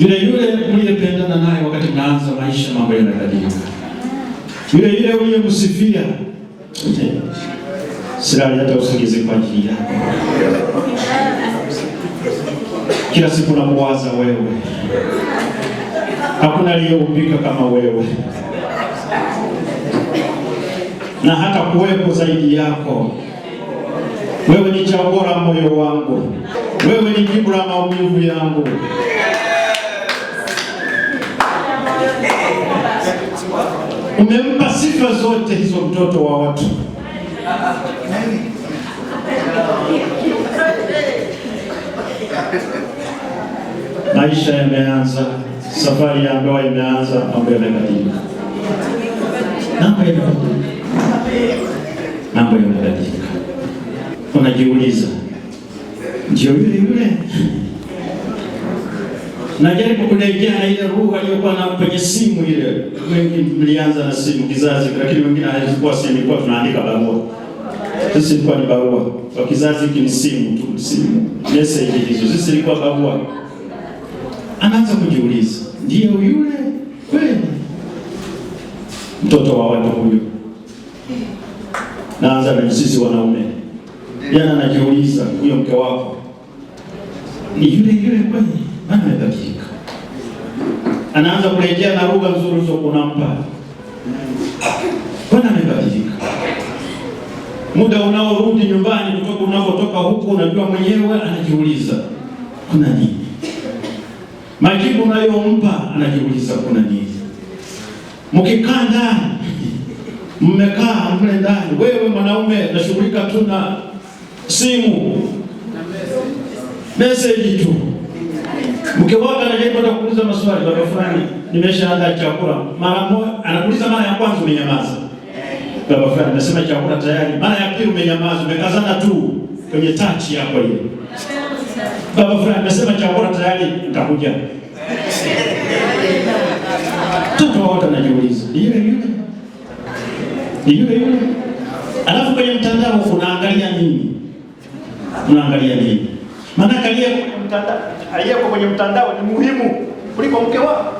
Yule yule uliyependana naye wakati mnaanza maisha, mambo yanabadilika. Yule yule uliyemsifia silali hata usingizi kwa ajili yako, kila siku nakuwaza wewe. Hakuna aliyeumbika kama wewe, na hata kuwepo zaidi yako wewe. Ni chaguo la moyo wangu, wewe ni jibu la maumivu yangu sifa zote hizo, mtoto wa watu maisha yameanza, safari ya ndoa imeanza, mambo yamebadilika, mambo yamebadilika, unajiuliza ndio yule yule najaribu na ile roho aliyokuwa na kwenye simu ile. Wengi mlianza na simu kizazi, lakini wengine hazikuwa simu, ilikuwa tunaandika barua. Sisi ilikuwa ni barua, kwa kizazi hiki ni simu tu, simu message hizo. Sisi ilikuwa barua. Anaanza kujiuliza, ndio yule kweli mtoto wa watu huyo? Naanza na sisi wanaume, jana najiuliza, huyo mke wako ni yule yule kweli? Hana dakika, anaanza kurejea na lugha nzuri hizo, kunampa Bwana amebadilika. Muda unaorudi nyumbani kutoka unapotoka huku, unajua mwenyewe, anajiuliza kuna nini? Majibu unayompa anajiuliza kuna nini? Mkikaa ndani, mmekaa mle ndani, wewe mwanaume nashughulika tu na simu meseji tu Mke wako anajaribu hata kuuliza maswali baba fulani, nimeshaandaa chakula. Mara moja anakuuliza mara ya kwanza umenyamaza. Baba fulani anasema chakula tayari. Mara ya pili umenyamaza, umekazana tu kwenye tachi yako hiyo. Baba fulani anasema chakula tayari, nitakuja. Mtoto wote anajiuliza, yule yule. Ni Yule yule. Alafu kwenye mtandao unaangalia nini? Unaangalia nini? Maana aliyeko kwenye mtandao ni muhimu kuliko mke wako.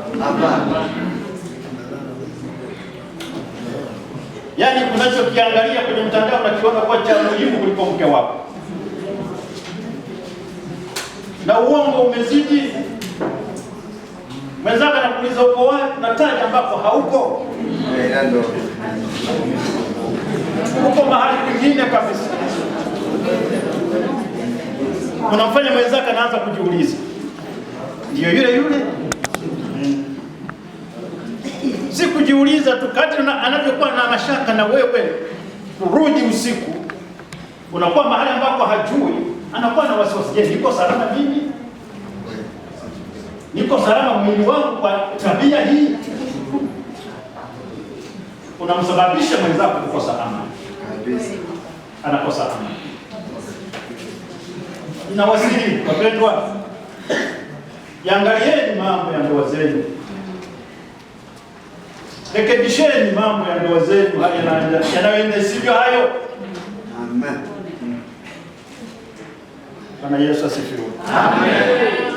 Yaani, unachokiangalia kwenye mtandao unakiona kuwa cha muhimu kuliko mke wako, na uongo umezidi. Mwenzako anakuuliza uko wapi, nataja ambapo hauko, eh, uko mahali kingine kabisa unamfanya mwenzako anaanza kujiuliza, ndio yule yule mm. si kujiuliza tu, kati anavyokuwa na mashaka na wewe rudi usiku, unakuwa mahali ambako hajui, anakuwa na wasiwasi, je, niko salama mimi? Niko salama mwili wangu kwa tabia hii? Unamsababisha mwenzako kukosa amani, anakosa amani. Ninawasihi wapendwa, yangalieni mambo ya ndoa zenu, rekebisheni mambo ya ndoa zenu yanayoenda sivyo hayo. Amen. Bwana Yesu asifiwe. Amen.